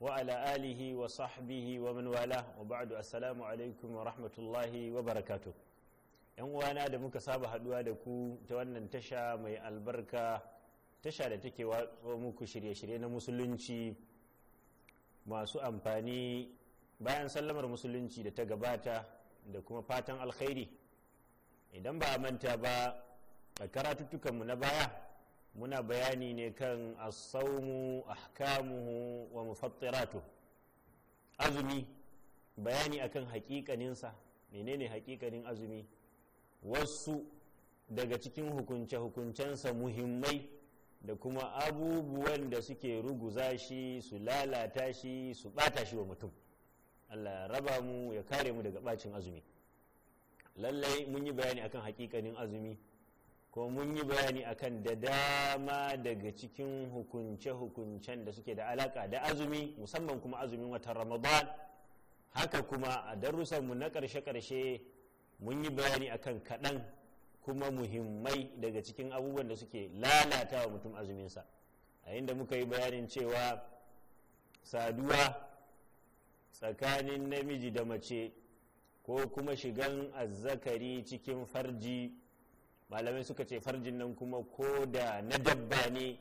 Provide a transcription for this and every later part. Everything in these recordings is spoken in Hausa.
وعلى آله وصحبه ومن والاه وبعد السلام عليكم ورحمة wa وبركاته yan uwana da muka saba haduwa da ku ta wannan tasha mai albarka tasha da take wa muku shirye-shirye na musulunci masu amfani bayan sallamar musulunci da ta gabata da kuma fatan alkhairi idan ba a manta ba a karatuttukanmu na baya muna bayani ne kan asaumu ahkamuhu wa mufattiratu azumi bayani akan hakikaninsa menene hakikanin azumi wasu daga cikin hukunce-hukuncensa muhimmai da kuma abubuwan da suke ruguza shi su lalata shi su bata shi wa mutum allah raba mu ya kare mu daga bacin azumi lallai mun yi bayani akan hakikanin azumi ko mun yi bayani akan da dama daga cikin hukunce-hukuncen da suke da alaka da azumi musamman kuma azumin watan ramadan haka kuma a darussanmu na ƙarshe karshe mun yi bayani akan kaɗan kuma muhimmai daga cikin abubuwan da suke lalata wa mutum azuminsa a inda muka yi bayanin cewa saduwa tsakanin namiji da mace ko kuma shigan azzakari cikin farji malamai suka ce farjin nan kuma ko da na dabba ne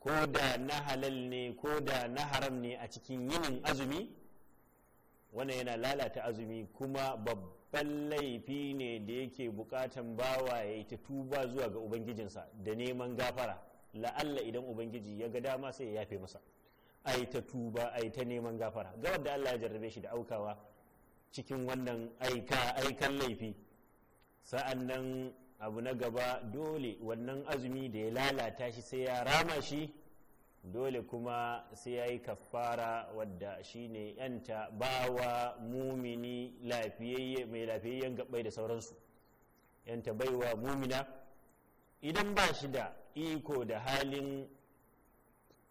ko da na halal ne ko da na haram ne a cikin yinin azumi wannan yana lalata azumi kuma babban laifi ne da yake bukatan bawa ya yi tuba zuwa ga ubangijinsa da neman gafara la'alla idan ubangiji ya ga dama sai ya yafe masa a ta tuba a ta neman gafara ga da allah ya jarrabe shi da aukawa cikin wannan aika aikan laifi sa'an nan abu na gaba dole wannan azumi da ya lalata shi sai ya rama shi dole kuma sai ya yi kafara wadda shine yanta bawa mumini mai lafiyayyen gabai da sauransu yanta baiwa mumina idan ba shi da iko da halin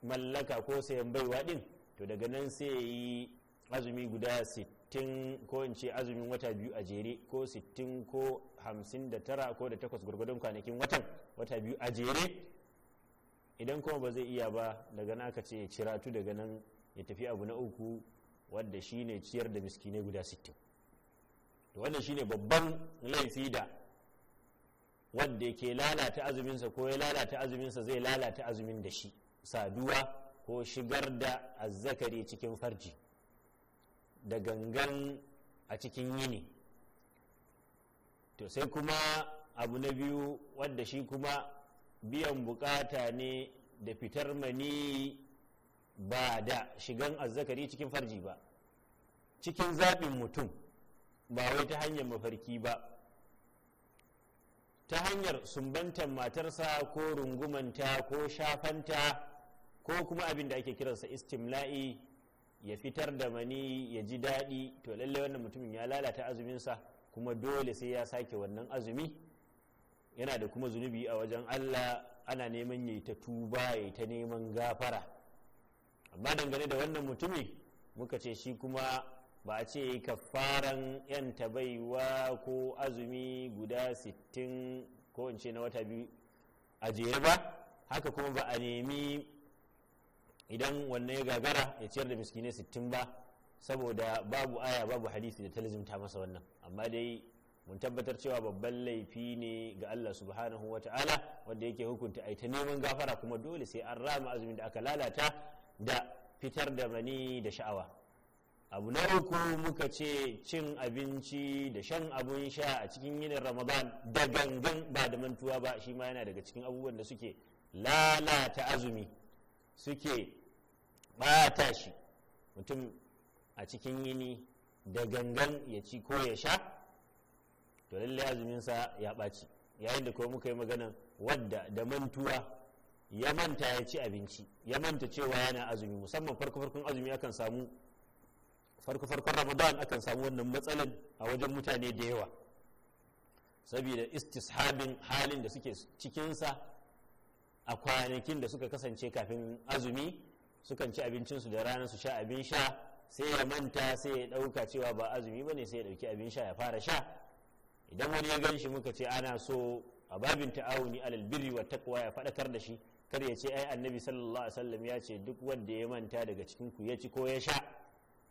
mallaka ko sayan baiwa din to daga nan sai ya yi azumi guda 60 ko in ce azumin wata biyu a jere ko 60 ko 59 ko da takwas gwargwadon kwanakin watan wata biyu a jere idan kuma ba zai iya ba daga nan aka ce ya ciratu daga nan ya tafi abu na uku wadda shi ne ciyar da miskinai guda 60 to wannan ne babban laifi da wanda ke lalata azuminsa ko ya lalata azuminsa zai lalata azumin da shi saduwa ko shigar da azzakari cikin farji da gangan a cikin yini to sai kuma abu na biyu wadda shi kuma biyan bukata ne da fitar mani ba da shigan azzakari cikin farji ba cikin zaɓin mutum ba wai ta hanyar mafarki ba ta hanyar sumbantar matarsa ko rungumanta ko shafanta ko kuma abin da ake kiransa istimla'i ya fitar da mani ya ji daɗi to lalle wannan mutumin ya lalata azuminsa kuma dole sai ya sake wannan azumi yana da kuma zunubi a wajen Allah ana neman ya yi ta tuba ya yi ta neman gafara amma dangane da wannan mutumi muka ce shi kuma ba a ce kafaran yan tabaiwa ko azumi guda sittin ko in ce na wata biyu a jere ba haka kuma ba a nemi idan wannan ya gagara ya ciyar da miskinai sittin ba saboda babu aya babu hadisi da ta masa wannan amma dai mun tabbatar cewa babban laifi ne ga Allah subhanahu wa ta'ala wanda yake hukunta ai ta neman gafara kuma dole sai an rama azumin da aka lalata da fitar da mani da sha'awa abu na uku muka ce cin abinci da shan abun sha a cikin yinin ramadan da gangan ba da mantuwa ba shi ma yana daga cikin abubuwan da suke lalata azumi suke ba shi mutum a cikin yini da gangan ya ci ko ya sha to lallai azuminsa ya ɓaci yayin da ko muka yi magana wadda da mantuwa ya manta ya ci abinci ya manta cewa yana azumi musamman farko farkon azumi akan samu farko farkon ramadan akan samu wannan matsalan a wajen mutane da yawa saboda istishabin halin da suke cikinsa a kwanakin da suka kasance kafin azumi sukan ci abincinsu da rana su sha abin sha sai ya manta sai ya ɗauka cewa ba azumi ba ne sai ya ɗauki abin sha ya fara sha idan wani ya gan shi muka ce ana so a babin ta'awuni alal birri wa taqwa ya faɗakar da shi kar ya ce ai annabi sallallahu alaihi wasallam ya ce duk wanda ya manta daga cikin ku ya ci ko ya sha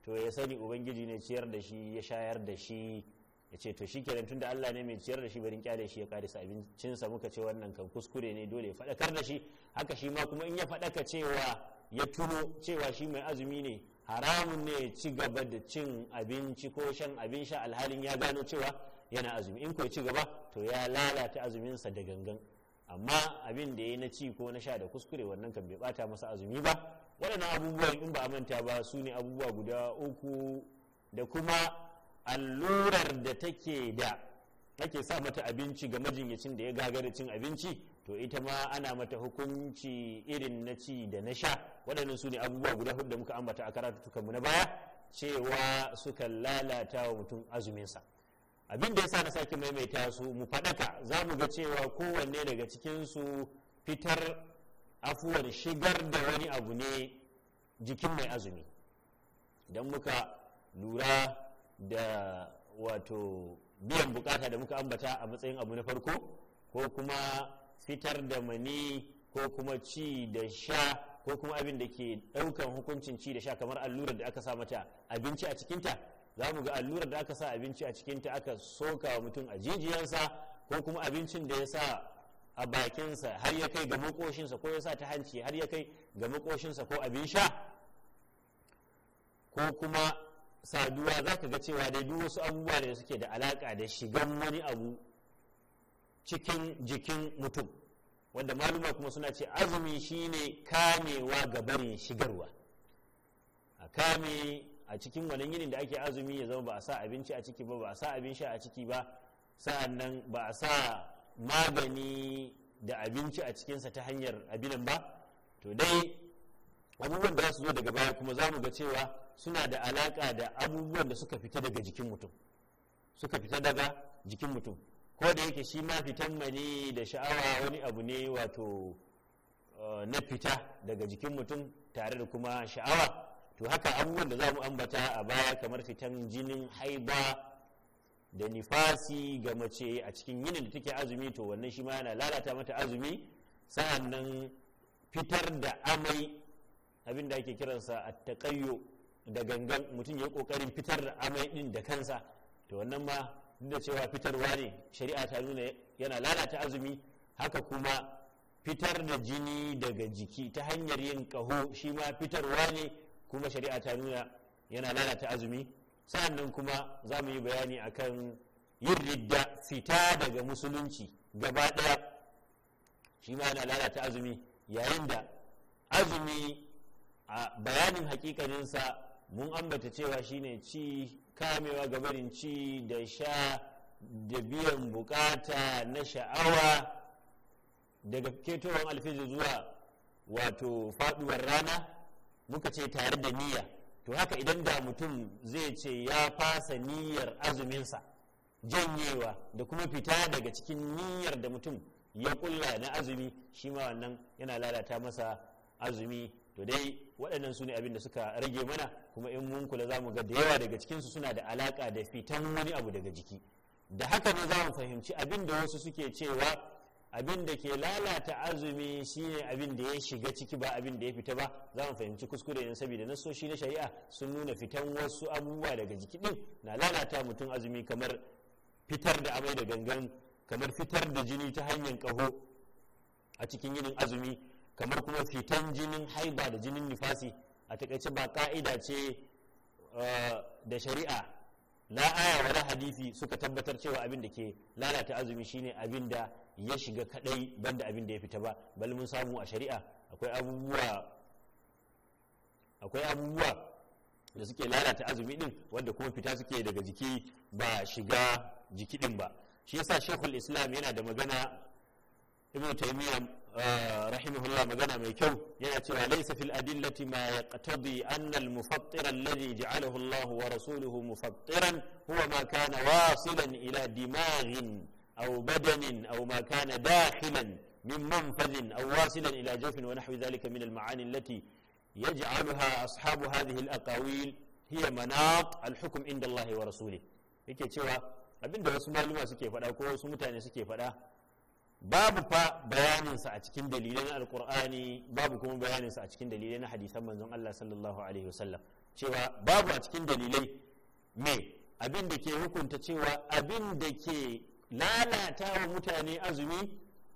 to ya sani ubangiji ne ciyar da shi ya shayar da shi ya ce to shikenan tunda Allah ne mai ciyar da shi barin kyale shi ya karisa abincinsa muka ce wannan kan kuskure ne dole ya faɗakar da shi haka shi ma kuma in ya faɗaka cewa ya tuno cewa shi mai azumi ne haramun ne ci gaba da cin abinci ko shan abin sha alhalin ya gano cewa yana azumi in ko ci gaba to ya lalata azuminsa da gangan amma abin da ya na ci ko na sha da kuskure wannan kan bai bata masa azumi ba waɗannan abubuwan in ba a manta ba su ne abubuwa guda uku da kuma allurar da take da ake sa mata abinci ga majinyacin da ya gagara cin abinci to ita ma ana mata hukunci irin na ci da na sha waɗannan su ne abubuwa guda hudu da muka ambata a karatuka mu na baya cewa suka lalata wa mutum azuminsa abin da sa na sake maimaita su mu faɗaka za mu ga cewa kowanne daga cikinsu fitar afuwar shigar da wani abu ne jikin mai azumi idan muka lura da wato biyan bukata da muka ambata a matsayin abu na farko ko kuma fitar da mani ko kuma ci da sha ko kuma abin da ke ɗaukan hukuncin ci da sha kamar allurar da aka sa mata abinci a cikinta za mu ga allurar da aka sa abinci a cikinta aka soka wa mutum a jijiyarsa ko kuma abincin da ya sa a bakinsa har ya kai ga makoshinsa ko ya sa ta hanci har ya kai ga makoshinsa ko abin sha ko kuma saduwa za ka ga cewa dai duk wasu abubuwa da suke da alaka da shigan wani abu cikin jikin mutum wanda maluma kuma suna ce azumi shine kamewa ga bari shigarwa a kame a cikin wannan yinin da ake azumi ya zama ba a sa abinci a ciki ba ba a sa abin sha a ciki ba sa'annan nan ba a sa magani da abinci a cikinsa ta hanyar abinan ba to dai abubuwan da za su zo daga baya kuma za mu ga cewa suna da alaka da abubuwan da suka fita daga jikin mutum suka fita daga jikin mutum ko da yake shi ma fitan mani da sha'awa wani abu ne wato eh, na fita daga jikin mutum tare da kuma sha'awa to haka abubuwan da za mu ambata a baya kamar fitan jinin haiba da nifasi ga mace a cikin yinin da take azumi to wannan shi ma yana lalata mata azumi sa'an fitar da amai abin da ake kiransa a taƙayyo da gangan mutum ya ƙoƙarin fitar da amai ɗin da kansa to wannan ma da cewa fitarwa ne shari'a ta nuna yana lalata azumi haka kuma fitar da jini daga jiki ta hanyar yin kaho shi ma fitarwa ne kuma shari'a ta nuna yana lalata azumi sa'annan kuma za mu yi bayani akan yin ridda fita daga musulunci gaba ɗaya shi ma yana lalata azumi yayin da azumi a bayanin hakikaninsa mun ambata cewa shine ci kamewa ga barin ci da sha da biyan bukata na sha'awa daga ketowar alfijir zuwa wato faduwar rana muka ce tare da niyya to haka idan da mutum zai ce ya fasa niyyar azuminsa janyewa da kuma fita daga cikin niyyar da mutum ya kulla na azumi shi ma wannan yana lalata masa azumi to dai waɗannan su ne abin da suka rage mana kuma in mun kula za mu ga da yawa daga cikinsu suna da alaƙa da fitan wani abu daga jiki da haka ne za mu fahimci abin da wasu suke cewa abin da ke lalata azumi shine abin da ya shiga ciki ba abin da ya fita ba za mu fahimci kuskure ne saboda nasoshi na shari'a sun nuna fitan wasu abubuwa daga jiki din na lalata mutum azumi kamar fitar da amai da gangan kamar fitar da jini ta hanyar kaho a cikin yinin azumi kamar kuma fitan jinin haiba da jinin nifasi a takaice ba ka'ida ce eh, da shari'a na aya wa hadisi suka tabbatar cewa abin da ke lalata azumi shine abin da ya shiga kadai banda abin da ya fita ba bal mun samu a shari'a akwai abubuwa akwai abubuwa da suke lalata azumi din wanda kuma fita suke daga jiki ba shiga jiki din ba shi yasa shekul islam yana da magana ibnu taymiyyah آه، رحمه الله مجانا ميكو يأتي ليس في الأدلة ما يقتضي أن المفطر الذي جعله الله ورسوله مفطرا هو ما كان واصلا إلى دماغ أو بدن أو ما كان داخلا من منفذ أو واصلا إلى جوف ونحو ذلك من المعاني التي يجعلها أصحاب هذه الأقاويل هي مناط الحكم عند الله ورسوله يكي تشوى abinda wasu maluma ما سكي ko wasu سمتاني سكي faɗa babu fa bayaninsa a cikin dalilan alkur'ani babu kuma bayaninsa a cikin dalilai na hadisan manzon Allah sallallahu alaihi wasallam cewa babu a cikin dalilai me abin da ke hukunta cewa abin da ke lalata wa mutane azumi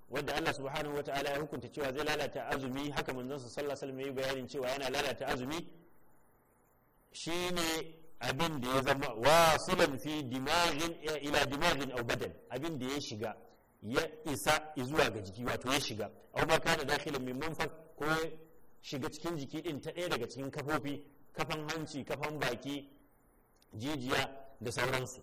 wadda Allah subhanahu wataala ya hukunta cewa zai lalata azumi haka manzon sa sallallahu alaihi wasallam bayanin cewa yana lalata azumi shine abin da ya zama wasilan fi dimagin ila dimagin aw badal abin da ya shiga ya isa zuwa ga jiki wato ya shiga aw da dakilin dakhilan min munfak ko ya shiga cikin jiki din ta ɗaya daga cikin kafofi kafan hanci kafan baki jijiya da sauransu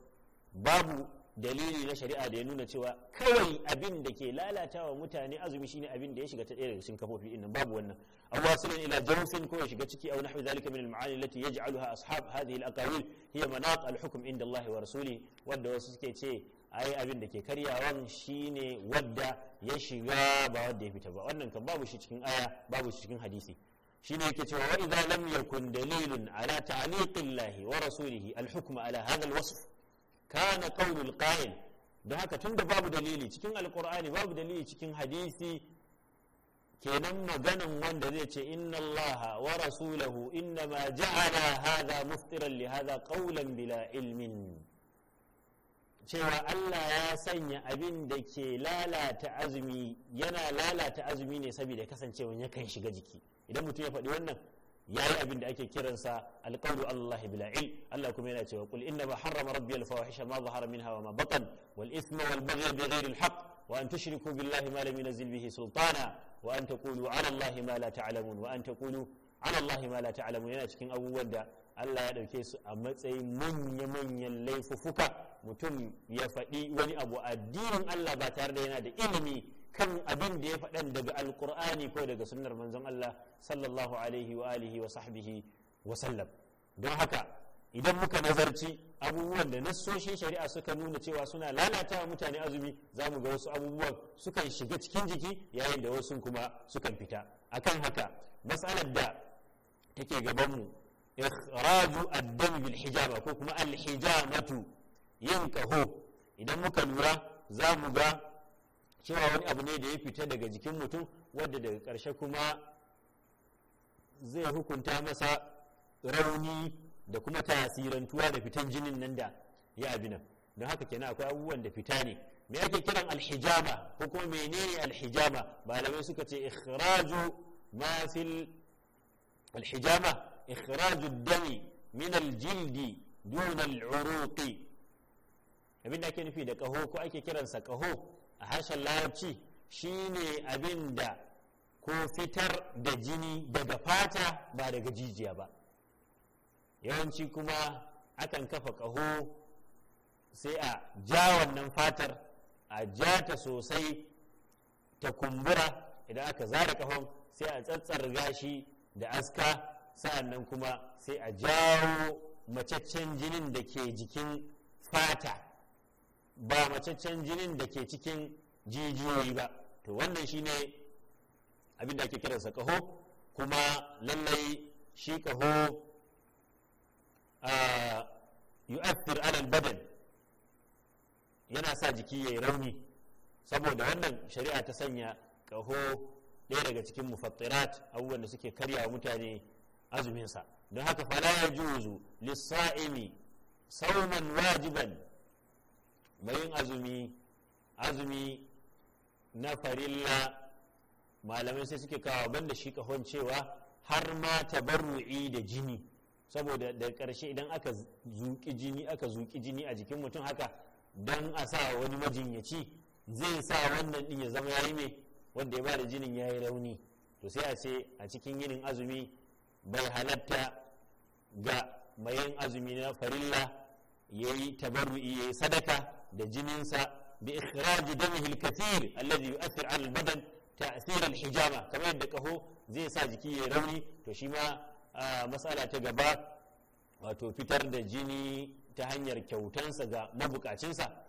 babu dalili na shari'a da ya nuna cewa kawai abin da ke lalatawa mutane azumi shine abin da ya shiga ta ɗaya daga cikin kafofi din nan babu wannan aw sunan ila jawfin ko ya shiga ciki aw nahwi zalika min al-ma'ani allati yaj'aluha ashab hadhihi al-aqawil hiya manaq al-hukm inda Allah wa rasuli wanda wasu suke ce ai abin da ke karyawan shine wadda ya shiga ba wadda ya fita ba wannan kan babu shi cikin aya babu shi cikin hadisi shine yake cewa wa idza lam yakun dalilun ala ta'liqillahi wa rasulihi al-hukm ala hadha al-wasf kana qa'il don haka tunda babu dalili cikin alqur'ani babu dalili cikin hadisi kenan maganan wanda zai ce inna allaha wa rasulahu inna ma ja'ala hadha muftiran li hadha qawlan bila ilmin cewa Allah ya sanya abin da ke lalata azumi yana lalata azumi ne saboda kasancewa yakan shiga jiki idan mutum ya faɗi wannan ya yi abin da ake kiransa alƙawlu Allah bila il Allah kuma yana cewa kul inna ma harrama rabbi al fawahisha ma zahara minha wa ma batan wal isma, wal baghy bi ghairi al haqq wa an tushriku billahi ma lam yunzil bihi sultana wa an taqulu ala Allah ma la ta'lamun wa an taqulu ala Allah ma la ta'lamun yana cikin abubuwan da Allah ya dauke su a matsayin manya manyan laifuffuka mutum ya faɗi wani abu addinin Allah ba tare da yana da ilimi kan abin da ya faɗan daga alkur'ani ko daga sunnar manzon Allah sallallahu alaihi wa alihi wa sahbihi wa sallam don haka idan muka nazarci abubuwan da nassoshin shari'a suka nuna cewa suna lalata mutane azumi za mu ga wasu abubuwan sukan shiga cikin jiki yayin da wasu kuma sukan fita akan haka matsalar da take gabanmu ikhraju ad-dam bil ko kuma al-hijamatu yin kaho idan muka lura za mu ga cewa wani abu ne da ya fita daga jikin mutum wadda daga ƙarshe kuma zai hukunta masa rauni da kuma tasirantuwa da fitan jinin nan da ya abi don haka kenan akwai abubuwan da fita ne me ake kiran alhijama ko kuma menene alhijama malamai suka ce ikhraju masil alhijama ikhraju dami min aljildi dun al'uruqi abin da ake nufi da kaho ko ake kiransa kaho a harshen larabci shine abin da ko fitar da jini daga fata ba daga jijiya ba yawanci kuma akan kafa kaho sai a ja wannan fatar a ja ta sosai ta kumbura idan aka zara kahon sai a tsatsarga gashi da aska sa'annan kuma sai a jawo macaccen jinin da ke jikin fata ba macaccen jinin da ke cikin jijiyoyi ba to wannan shine abin da ake kiransa kaho kuma lallai shi kaho yu'athir alal badan yana sa jiki yayi rauni saboda wannan shari'a ta sanya kaho ɗaya daga cikin mufattirat abubuwan da suke karyawa mutane azuminsa don haka fala ya juzu lissa'imi sauman wajiban bayin azumi azumi na farilla malamai sai suke kawo banda shi kahon cewa har ma tabarru'i da jini saboda da ƙarshe idan aka zuki jini aka zuƙi jini a jikin mutum haka don a sa wani majinyaci zai sa wannan din ya zama yayi mai wanda ya bada jinin yayi rauni to sai a ce a cikin yinin azumi bai halatta ga mayan azumi na farilla ya yi tabarru'i ya yi sadaka da jininsa bi ikhraj damihi al-kathir alladhi yu'athir 'ala al-badan ta'thir al-hijama kamar yadda kaho zai sa jiki ya rauni to shi ma mas'ala ta gaba wato fitar da jini ta hanyar kyautansa ga mabukacinsa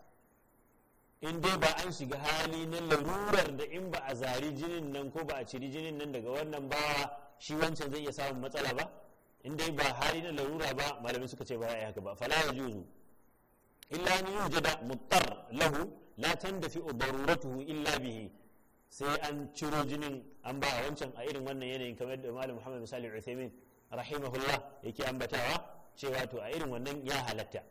in dai ba an shiga hali na larurar da in ba a zari jinin nan ko ba a ciri jinin nan daga wannan ba shi wancan zai iya samun matsala ba in dai ba hali na larura ba malamin suka ce ba ya haka ba fala ya illa an yujada muttar lahu la tandafi daruratuhu illa bihi sai an ciro jinin an ba wancan a irin wannan yanayin kamar da malam Muhammad misali Uthaymin rahimahullah yake ambatawa cewa to a irin wannan ya halatta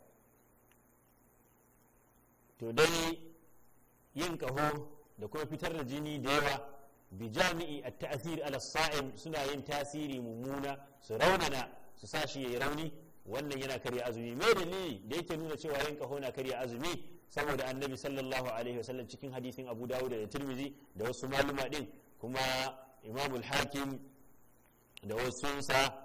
to dai yin kaho da kuma fitar da jini da yawa bi jami'i at-ta'thir ala sa'im suna yin tasiri mummuna su raunana su sashi yayi rauni wannan yana karya azumi mai dalili da yake nuna cewa yin kaho na karya azumi saboda annabi sallallahu alaihi wasallam cikin hadisin abu dawud da tirmizi da wasu maluma din kuma imamul hakim da wasu sa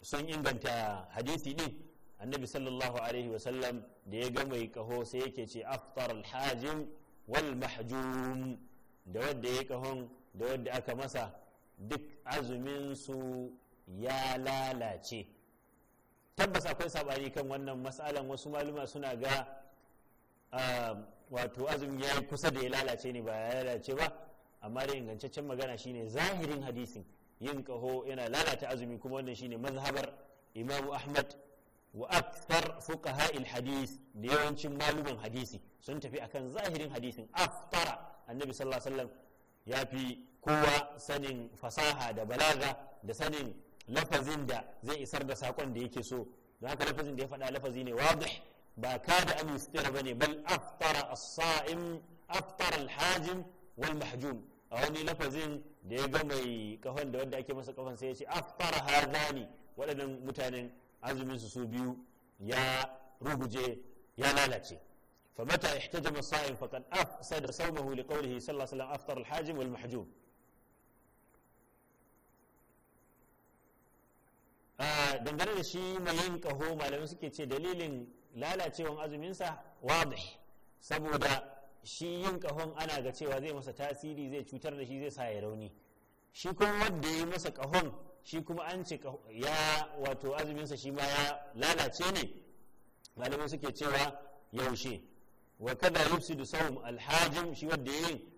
sun inganta hadisi din annabi sallallahu alaihi wasallam da ya ga mai kaho sai yake ce aftar alhajim wal mahjum da wanda ya kahon da wanda aka masa duk azumin su ya lalace tabbas akwai sabani kan wannan mas'alan wasu maluma suna ga ah, wato azumi ya kusa da ya lalace ne ba ya lalace ba amma da ingantaccen magana shine zahirin hadisin yin kaho yana lalata azumi kuma wannan shine mazhabar imamu ahmad wa akthar fuqaha hadis da yawancin maluman hadisi sun tafi akan zahirin hadisin aftara annabi sallallahu alaihi wasallam ya fi kowa sanin fasaha da balaga da sanin lafazin da zai isar da sakon da yake so da haka lafazin da ya faɗa lafazi ne wadih ba ka da an yustir ba ne bal aftara saim aftara al wal mahjum a wani lafazin da ya ga mai kafan da wanda ake masa kafan sai ya ce aftara hazani waɗannan mutanen azumin su su biyu ya ruguje ya lalace فمتى احتجم الصائم فقد أفسد صومه لقوله صلى الله عليه وسلم أفطر الحاجم والمحجوم dangane da shi mai yin kaho malamai suke ce dalilin lalacewan azuminsa wadih saboda shi yin kahon ana ga cewa zai masa tasiri zai cutar da shi zai sa ya rauni shi kuma wanda ya yi masa kahon shi kuma an ce ya wato azuminsa shi ma ya lalace ne malamai suke cewa yaushe wa kada yufsidu sawm alhajim shi wanda yi.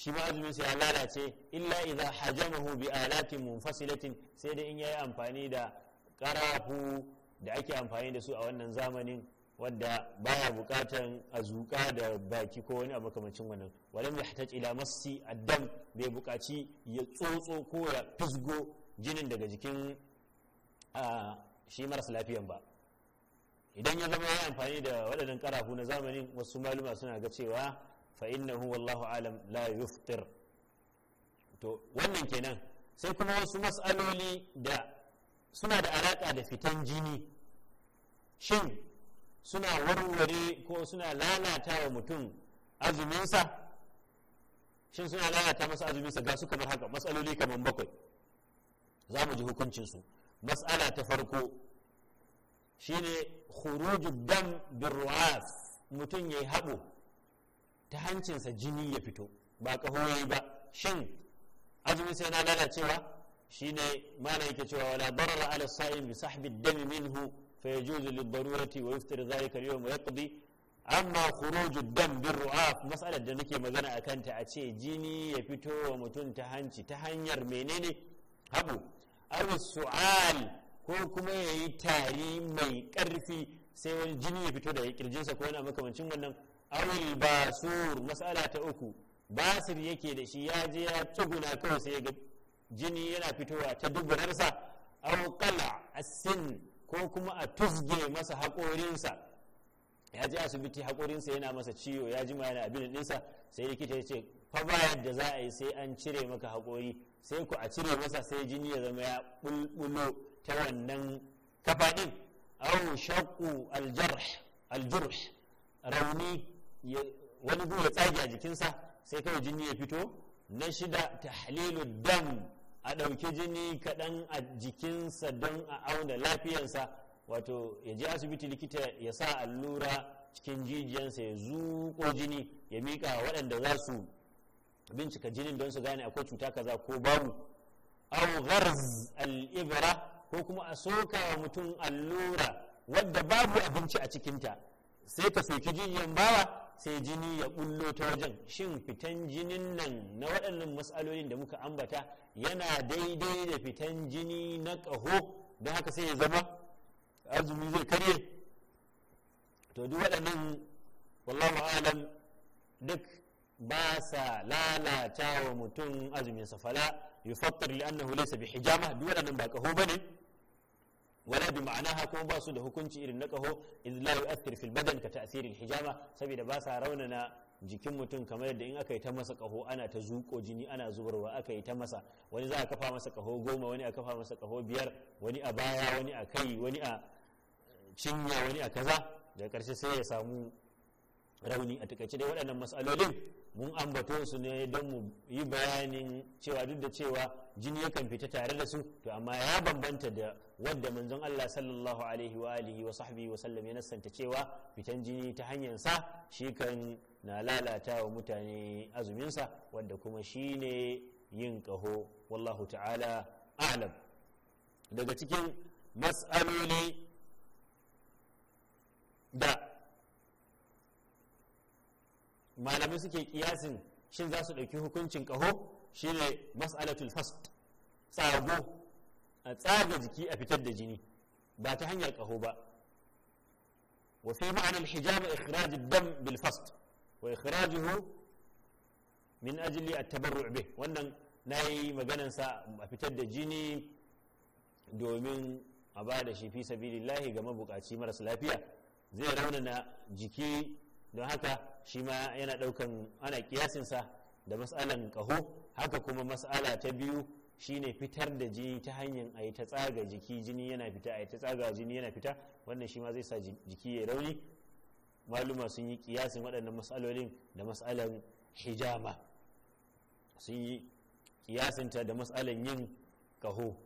shi ma azumin sa ya lalace illa idza hajamahu bi alatin munfasilatin sai da in yayi amfani da karafu da ake amfani da su a wannan zamanin wadda baya bukatan azuka da baki ko wani abu makamancin wannan walam yahtaj ila massi addam bai bukaci ya tsotso ko ya fisgo jinin daga jikin shi marasa lafiyan ba idan ya zama ya amfani da waɗannan karafu na zamanin wasu maluma suna ga cewa fa innahu wallahu alam la to wannan kenan sai kuma wasu mas'aloli da suna da alaƙa da fitan jini shin suna warware ko suna lalata wa mutum azuminsa shin suna lalata masa azuminsa ga su kamar haka matsaloli kamar bakwai za mu ji hukuncinsu matsala ta farko shine khurujud dam bin ru'as mutum ya yi haɓo ta hancinsa jini ya fito ba ka kahoyi ba shin azumi sai na lalacewa shine mana yake cewa wala barra ala sa'im bi sahbi dami minhu fa yajuzu lid darurati wa yuftir dhalika al yawm yaqdi amma khuruju dam bir ru'af mas'alar da nake magana a kanta a ce jini ya fito wa mutum ta hanci ta hanyar menene habu aw su'al ko kuma yayi tari mai ƙarfi sai wani jini ya fito ya kirjinsa ko yana makamancin wannan awil basur mas'ala ta uku basir yake da shi ya je ya tsuguna kawai sai ga jini yana fitowa ta duburarsa aw qala asin ko kuma a tusge masa haƙorinsa ya je asibiti haƙorinsa yana masa ciwo ya jima yana abin ɗinsa sai likita ya ce fa ba yadda za a yi sai an cire maka haƙori sai ku a cire masa sai jini ya zama ya bulbulo ta wannan kafaɗin aw shaqqu aljarh rauni wani gu ya tsage a jikinsa sai kawai jini ya fito na shida tahlilu dam a ɗauki jini kaɗan a jikinsa don a auna lafiyansa wato ya je asibiti likita ya sa allura cikin jijiyansa ya zuƙo jini ya miƙa waɗanda za su bincika jinin don su gane akwai cuta kaza ko babu au gharz al ko kuma a soka wa mutum allura wadda babu abinci a cikinta sai ka soki jijiyan bawa sai jini ya bullo ta wajen shin fitan jinin nan na waɗannan matsalolin da muka ambata yana daidai da fitan jini na ƙaho don haka sai ya zama azumi zai karye to duk waɗannan wallahu alam duk ba sa lalata wa mutum azumin sa fala yufattar li annahu laysa bi hijama duk waɗannan ba ƙaho bane wala bi ma'anaha kuma ba su da hukunci irin na kaho idh la yu'athir fil badan ka hijama saboda ba sa raunana jikin mutum kamar yadda in aka yi ta masa kaho ana ta zuko jini ana zubarwa aka yi ta masa wani za a kafa masa kaho goma wani a kafa masa kaho biyar wani a baya wani a kai wani a cinya wani a kaza da karshe sai ya samu rauni a takaice dai waɗannan matsalolin mun ambato su ne don mu yi bayanin cewa duk da cewa jini yakan fita tare da su to amma ya bambanta da wadda manzon Allah sallallahu alaihi wa alihi wa sahbihi wa sallam ya nassanta cewa fitan jini ta hanyar sa shi kan na lalata wa mutane azumin sa wanda kuma shine yin kaho wallahu ta'ala a'lam daga cikin mas'aloli da malamai suke kiyasin shin za su ɗauki hukuncin ƙaho shine mas'alatul fast tsago a tsaga jiki a fitar da jini ba ta hanyar ƙaho ba wa fi ma'anar hijama ikhraj dam bil fast wa ikhrajuhu min ajli at-tabarru' bih wannan nayi maganan sa a fitar da jini domin a ba da shi fi sabilillahi ga mabukaci marasa lafiya zai raunana jiki don haka shi ma yana ɗaukan ana kiyasinsa da matsalan ƙaho haka kuma matsala ta biyu shine fitar da jini ta hanyar a yi ta tsaga jiki jini yana fita a yi ta tsaga jini yana fita wannan shi ma zai sa jiki ya rauni maluma sun yi kiyasin waɗannan matsalolin da matsalan hijama sun yi kiyasinta da matsalan yin kaho.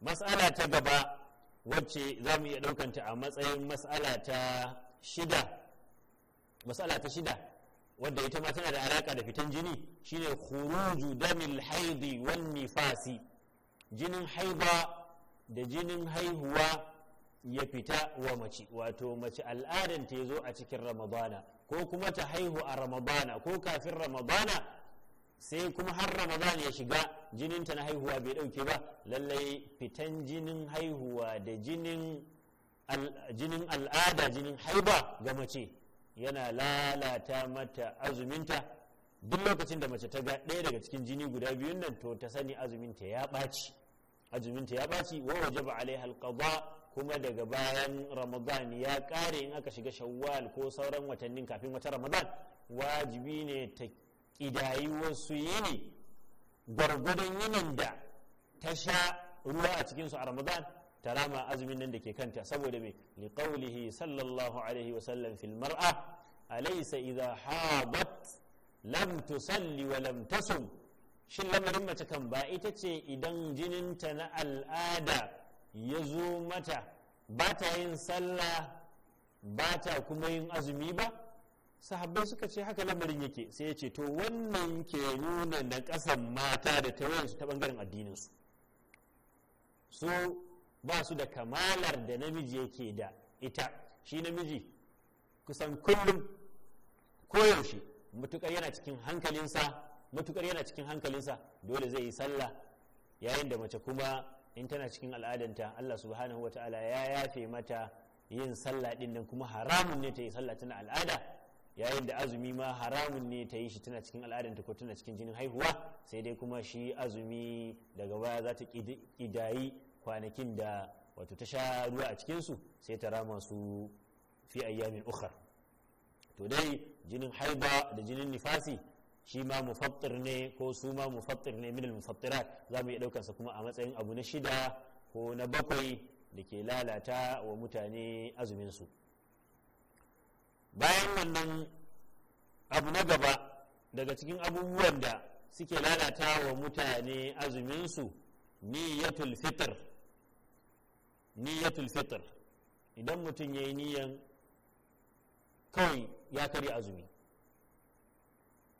matsala ta gaba wacce za mu iya ɗaukanta a matsayin matsala ta shida masala ta shida wadda ita ma tana da alaka da fitan jini shine khuruju damil haidi wal nifasi jinin haiba da jinin haihuwa ya fita wa mace wato mace al'adan ta zo a cikin ramadana ko kuma ta haihu a ramadana ko kafin ramadana sai kuma har ramadana ya shiga jininta na haihuwa bai dauke ba lallai fitan jinin haihuwa da jinin al'ada jinin haiba ga mace yana lalata mata azuminta duk lokacin da mace ta ga ɗaya daga cikin jini guda biyun nan to ta sani azuminta ya ɓaci azuminta ya ɓaci wa ba alaiha alqada kuma daga bayan ramadan ya ƙare in aka shiga shawwal ko sauran watannin kafin wata ramadan wajibi ne ta ƙidayi wasu yini gwargwadon yinin da ta sha ruwa a cikinsu a ramadan ta rama azumin nan da ke kanta saboda mai liƙaulihi sallallahu alaihi wasallam fil mar'a alaysa idha hadat lam tusalli wa lam tasum shin lamarin mace kan ba ita ce idan jininta na al'ada ya zo mata ba ta yin sallah ba ta kuma yin azumi ba sahabbai suka ce haka lamarin yake sai ya ce to wannan ke nuna na ƙasan mata da tawayensu ta bangaren addininsu su ba su da kamalar da namiji yake da ita shi namiji kusan kullum koyaushe matukar yana cikin hankalinsa matukar yana cikin hankalinsa dole zai yi sallah yayin da mace kuma in tana cikin al'adanta Allah subhanahu wataala ya yafe mata yin sallah din nan kuma haramun ne ta yi sallah tana al'ada yayin da azumi ma haramun ne ta yi shi tana cikin al'adanta ko tana cikin jinin haihuwa sai dai kuma shi azumi daga baya za ta kidayi kwanakin da wato ta sha ruwa a cikinsu sai ta rama su fi ayyamin ukhra to dai jinin haiba da jinin nifasi shi ma mufattir ne ko su ma mufattir ne minal mufattirat za mu iya ɗaukansa kuma a matsayin abu na shida ko na bakwai da ke lalata wa mutane azuminsu bayan wannan abu na gaba daga cikin abubuwan da suke lalata wa mutane azuminsu niyatul fitr niyatul fitr idan mutum ya yi niyan kawai ya karya azumi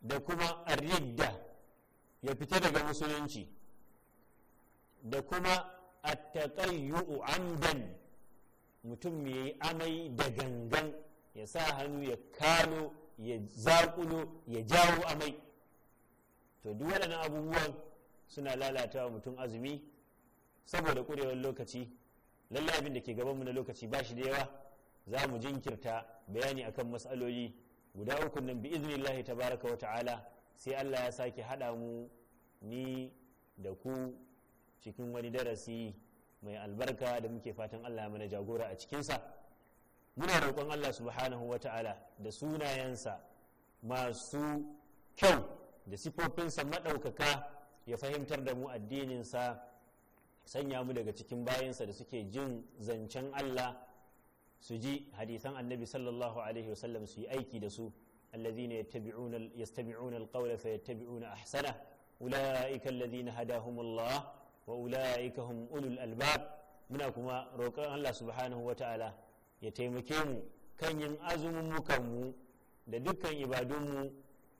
da kuma ridda ya fita daga musulunci da kuma a taƙayyu amdan mutum ya yi amai da gangan ya sa hannu ya kano ya zaƙulo ya jawo amai to duk waɗannan abubuwan suna lalata mutum azumi saboda ƙurewar lokaci lallabin da ke gabanmu na lokaci ba shi da yawa za mu jinkirta bayani akan matsaloli guda uku nan bi iznillahi tabaraka wa ta'ala sai Allah ya sake haɗa mu ni da ku cikin wani darasi mai albarka da muke fatan Allah mana jagora a cikinsa muna roƙon Allah subhanahu wa ta'ala da sunayensa masu kyau da sifofinsa maɗaukaka ya fahimtar da mu addininsa sanya mu daga cikin bayansa da suke jin zancen Allah su ji hadisan annabi sallallahu alaihi wasallam su yi aiki da su allazina yastabi'una alqawla fayattabi'una ahsana ulaika alladhina hadahumullah wa ulaika hum ulul albab muna kuma roƙon Allah subhanahu wata'ala ya taimake mu kan yin azumin mu da dukkan ibadunmu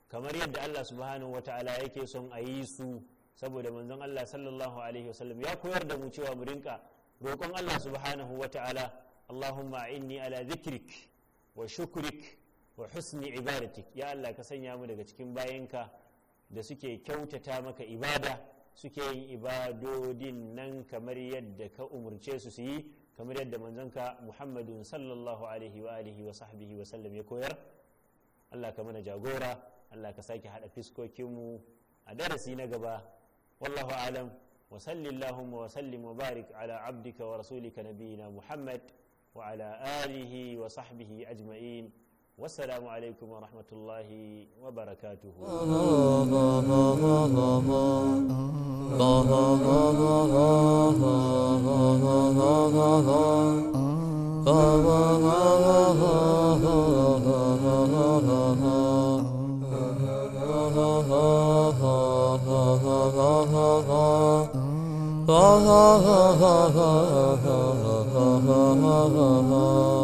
kamar yadda Allah subhanahu wata'ala yake son a yi su saboda manzon Allah sallallahu alaihi wasallam ya koyar da mu cewa mu rinka roƙon Allah subhanahu wata'ala inni ala اللهم wa على wa husni وحسن ya يا ka sanya mu daga cikin bayanka da suke kyautata maka ibada suke yin ibadodin nan kamar yadda ka umarcesu suyi kamar yadda manzonka Muhammadun sallallahu alaihi wa alihi wa sahbihi ya koyar Allah ka mana jagora Allah ka sake hada fiskokinmu a darasi na gaba wallahu alam wa sallallahu wa sallim wa barik ala abdika wa rasulika nabiyina Muhammad وعلى آله وصحبه أجمعين والسلام عليكم ورحمة الله وبركاته Ha ha ha ha ha ha ha ha ha ha